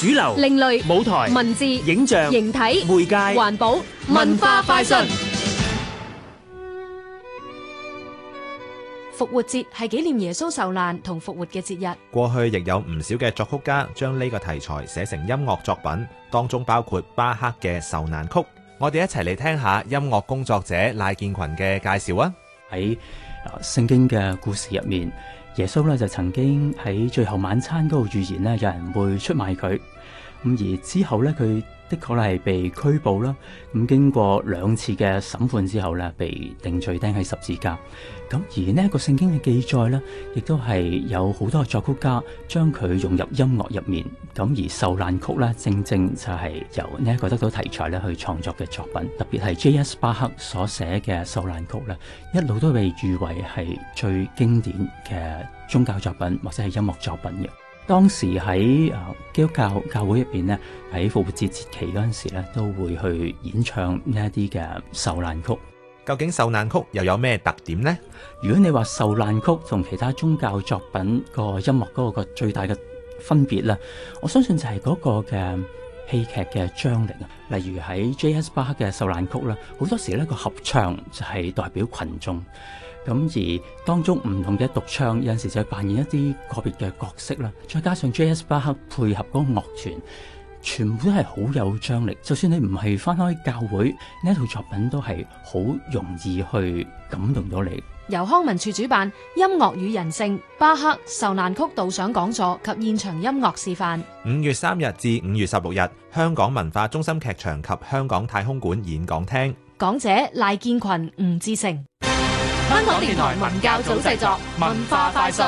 主流、另類舞台、文字、影像、形體、媒介、環保、文化快訊。復活節係紀念耶穌受難同復活嘅節日。過去亦有唔少嘅作曲家將呢個題材寫成音樂作品，當中包括巴赫嘅《受難曲》。我哋一齊嚟聽下音樂工作者賴建群嘅介紹啊！喺聖經嘅故事入面。耶穌咧就曾經喺最後晚餐嗰度預言咧，有人會出賣佢。咁而之後咧，佢的確啦，係被拘捕啦。咁經過兩次嘅審判之後咧，被定罪釘喺十字架。咁而呢一個聖經嘅記載咧，亦都係有好多作曲家將佢融入音樂入面。咁而受難曲呢，正正就係由呢一個得到題材咧去創作嘅作品。特別係 J.S. 巴赫所寫嘅受難曲咧，一路都被譽為係最經典嘅宗教作品或者係音樂作品嘅。當時喺基督教教會入邊咧，喺復活節節期嗰陣時咧，都會去演唱呢一啲嘅受難曲。究竟受難曲又有咩特點咧？如果你話受難曲同其他宗教作品個音樂嗰個個最大嘅分別咧，我相信就係嗰個嘅戲劇嘅張力啊。例如喺 J. S. 巴赫嘅受難曲啦，好多時咧個合唱就係代表群眾。咁而當中唔同嘅獨唱有陣時就扮演一啲個別嘅角色啦，再加上 J.S. 巴克配合嗰個樂團，全部都係好有張力。就算你唔係翻開教會呢一套作品，都係好容易去感動到你。由康文署主辦《音樂與人性：巴克受難曲導賞講座》及現場音樂示範，五月三日至五月十六日，香港文化中心劇場及香港太空館演講廳。講者：賴建群、吳志成。香港電台文教組製作《文化快訊》。